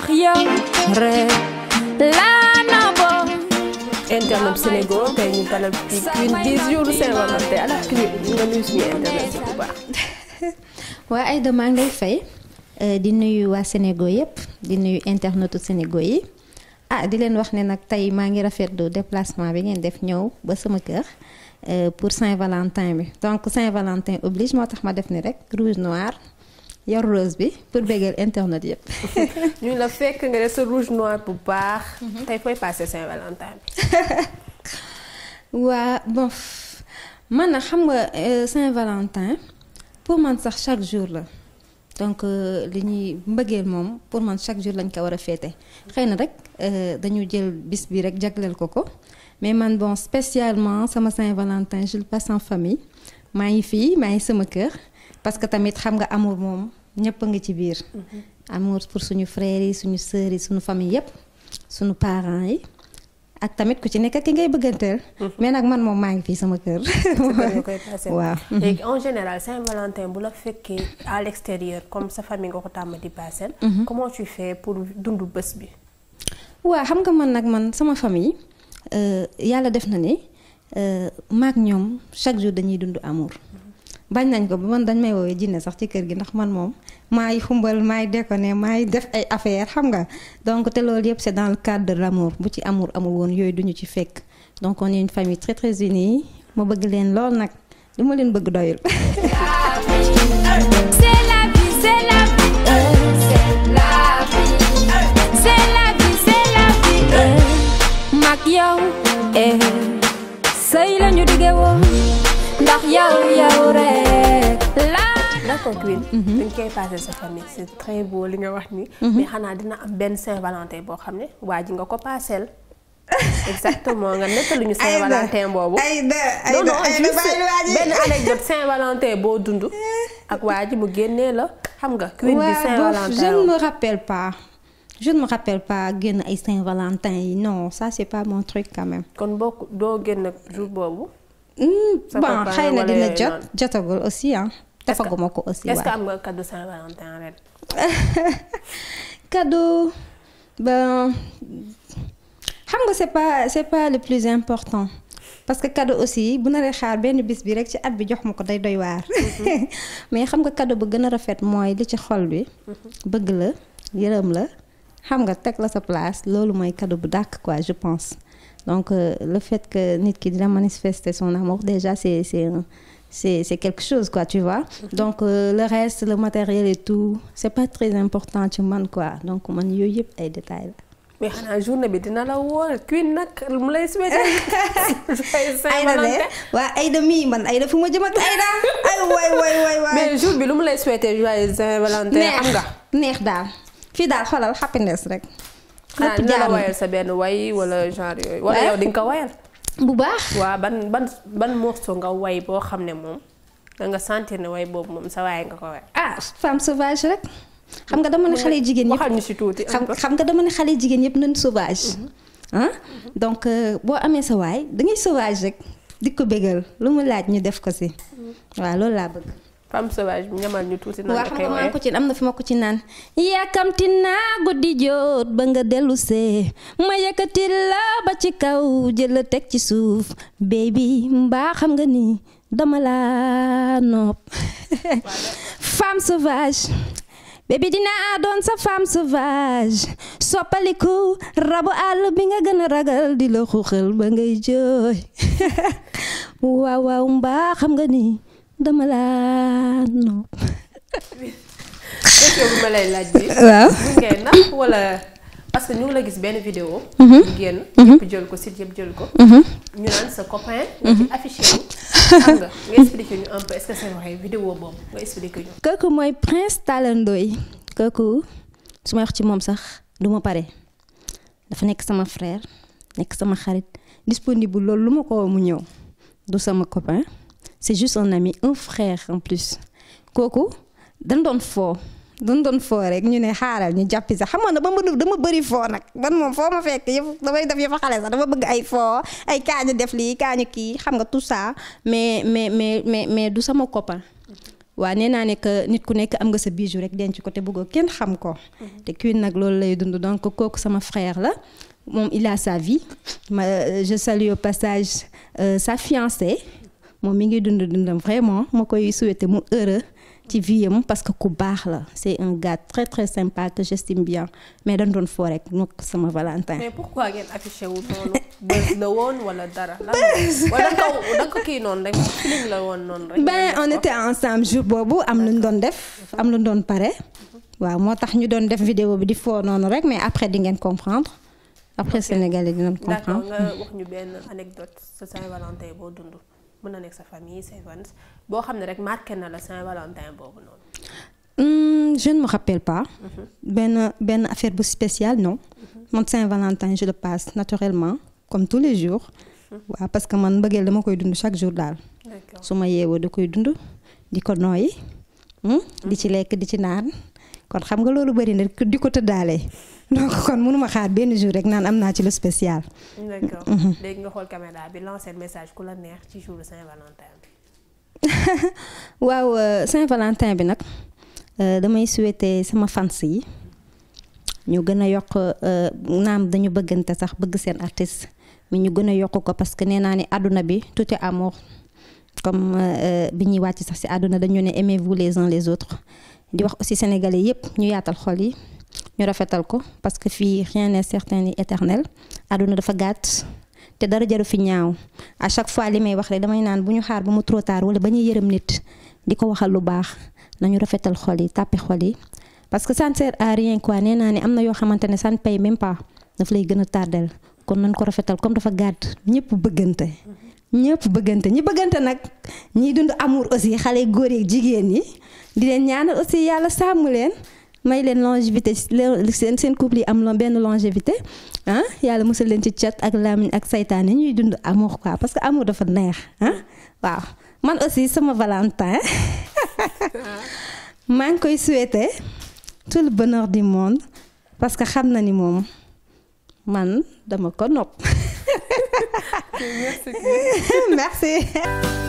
ndax waa ay demande ngay fay euh, di nuyu waa Sénégo yëpp di nuyu internetu Sénégo yi ah di leen wax ne nag tey maa ngi rafetlu déplacement bi ngeen def ñëw ba sama kër euh, pour Saint-Valentin bi donc Saint-Valentin oblige moo tax ma def ni rek rouge noir yor bi pour bégal internet yëpp. ñu la fekk nga def sa rouge noir bu baax. Mhm. tey fooy passé Saint-Valentin bi. waa bon man na xam nga euh, Saint-Valentin pour man sax chaque jour la donc euh, li ñuy mbëggeel moom pour man chaque jour lañ ko war a féete xëy na rek euh, dañu jël bis bi rek jagleel ko ko mais man bon spécialement sama Saint-Valentin je le passe famille maa ngi fii maa ngi sama kër parce que tamit xam nga amour moom ñëpp a ngi ci biir. Mhm. amour pour suñu frères yi suñu sœurs yi suñu famille yëpp suñu parents yi. ak tamit ku ci nekk ki ngay bëgganteel. Mhm. mais nag man moom maa ngi fii sama kër. waaw. léegi en général Saint-Valentin bu la fekkee à l'extérieur comme sa famille nga ko tàmm di passé. Mhm. comment tu fais pour dundu bés bi. waa xam nga man nag man sama famille euh, yàlla def na ni euh, maak ñoom chaque jour dañuy dund amour. bañ nañ ko ba man dañ may woowee jinne sax ci kër gi ndax man moom maay xumbal maay déconné maay def ay affaire xam nga donc te loolu yëpp c'est dans le cadre de l'amour bu ci amour amul woon yooyu duñu ci fekk donc on est une famille très très unie ma bëgg leen lool nag lu ma leen bëgg doyul Coqueville mm-hmm. mm-hmm. dañ koy passé li nga wax ni mm-hmm. xanaa dina am benn Saint-Valentin boo xam ne waa nga ko paaseel exactement nga nettalu boobu non boo dund eh. ak waa ji mu génnee la xam nga queen bi Saint-Valentin je ne me rappelle pas je génn ay Saint-Valentin yi non ça c'est pas mon truc quand même. kon bokk doo génn jour boobu. Hmm, bon xëy na dina jot jotagul aussi defaguma ko aussi waaye est-ce que am nga cadeau saint xam nga c'est pas c'est pas le plus important. parce que cadeau aussi bu naree xaar benn bis bi rek ci at bi jox ma ko day doy waar. Mhm. mais xam nga cadeau bu gën a rafet mooy li ci xol bi. Mhm. bëgg la yërëm la xam nga teg la sa place loolu mooy cadeau bu dàkk quoi je pense donc euh, le fait que nit ki dina manifester son moo déjà c'est c'est c'est quelque chose quoi tu vois donc euh, le reste le matériel et tout c'est pas très important ci man quoi donc man yooyu yëpp ay détails la. mais xanaa journée bi dina la wóor kii nag mu lay souhaité. ayda de waaw ayda mii man ayda fu ma jëm ak ayda ay waay waay waay waay. mais jour bi lu mu lay souhaité joyeux Saint-Valentin am nga. neex daal fii daal xoolal happiness rek. lépp jaarul xanaa benn way wala genre yooyu. wala yow ko wayal. bu baax. waaw ban ban ban morceau nga way boo xam ne moom nga sentir ne way boobu moom sa waay nga ko way. ah femme sauvage rek. xam nga dama ne xale jigéen ñëpp waxal ñu si tuuti xam nga dama ne xale jigéen ñëpp nañ sauvage. ah donc euh, boo amee sa waay da sauvage rek di ko bégal lu mu laaj ñu def ko si. Mm-hmm. waa loolu laa bëgg. femme sauvage bi ñamal ñu tuuti. naan ko am na fi ma ko ci naan. yàkkamti naa guddi joot ba nga dellu see ma yëkkati la ba ci kaw jël la teg ci suuf baby mbaa xam nga ni dama laa nopp. femme sauvage. baby dinaa doon sa femme sauvage soppaliku rabu àll bi nga gën a ragal di la xuxal ba ngay jooy waaw waaw mbaa xam nga ni. dama laa non. waaw ñu que ñu la gis benn vidéo. Mhm. ñu génn. Mhm. ñëpp kooku mooy Prince Talla kooku su ma wax ci moom sax du pare dafa nekk sama frère nekk sama xarit disponible loolu lu ma ko mu ñëw du sama copain. c'est juste un ami un frère en plus kooku dan doon foo dañ doon foo rek ñu ne xaaral ñu jàppi sax xam nga ba ma dama bëri foo nag man moom foo ma fekk yëf damay def yëf xale sax dama bëgg ay foo ay kaañu def lii kaañu kii xam nga tout ça mais mais mais mais mais du sama copain. waa nee naa ne que nit ku nekk am nga sa bijou rek denc ko te bëggoo kenn xam ko. Mhm. te Queen nag loolu lay dund donc kooku sama frère la moom il a sa vie ma euh, je salue au passage euh, sa fiancée moom mi ngi dund dundam vraiment moo koy souhaiter mu heureux ci vie am parce que ku baax la c'est un gars très très sympa que j'estime bien mais dañ doon foo rek moom sama Valentin. mais pourquoi wu la woon wala dara. wala da ko rek la woon noonu rek. ben on était ensemble jour boobu am lu ñu doon def am lu ñu doon pare. waaw moo tax ñu doon def vidéo bi di foo noonu rek mais après di ngeen comprendre. après Sénégalais dinañ comprendre. ñu benn anecdote sa Saint-Valentin boo dund. mën na nekk sa famille say fans boo xam ne rek marqué na la Saint-Valentin boobu noonu. je ne rappelle pas. Mhm. benn benn affaire bu spéciale non. Mhm. man Saint-Valentin je le passe naturellement comme tous les jours. Mhm. waaw parce que man mbëggeel dama koy dund chaque jour daal. su ma yeewoo da koy dund di ko nooyi. di ci lekk di ci naan. kon xam nga loolu bëri na di ko tëddaale donc kon mënuma xaar benn jour rek naan am naa ci lu spécial. d'accord léegi mhm. nga xool caméra bi lancer message ku la neex ci jour Saint-Valentin bi. waaw euh, Saint-Valentin bi nag euh, damay souhaiter sama fans yi ñu gën a yokk euh, naan dañu bëggante sax bëgg seen artiste mi ñu gën a yokk ko parce que nee naa ni àdduna bi tout est amour comme bi ñuy wàcc sax ci àdduna dañu ne aimez les uns les autres di wax aussi sénégalais yëpp ñu yaatal xol yi ñu rafetal ko parce que fii rien n'est certain ni éternel àdduna dafa gàtt te dara jaru fi ñaaw à chaque fois li may wax rek damay naan bu ñu xaar ba mu trop tard ba ñuy yërëm nit di ko waxal lu baax nañu rafetal xol yi tàppe xol yi parce que ça ne rien quoi nee naa ne am na yoo xamante ne ça ne paye pas daf lay gën a tardel kon nañ ko rafetal comme dafa gàtt ñëpp bëggante ñëpp bëggante ñi bëggante nag ñiy dund amour aussi xale góor yeeg jigéen ñi di leen ñaanal aussi yàlla sàmm leen may leen longévité seen seen couple yi am benn longévité ah yàlla musal leen ci cat ak làmmiñ ak saytaan yi ñuy dund amour quoi parce que amour dafa neex ah waaw man aussi sama valentin maa ngi koy souhaiter tout le bonheur du monde parce que xam na ni moom man dama ko nopp Merci. Merci.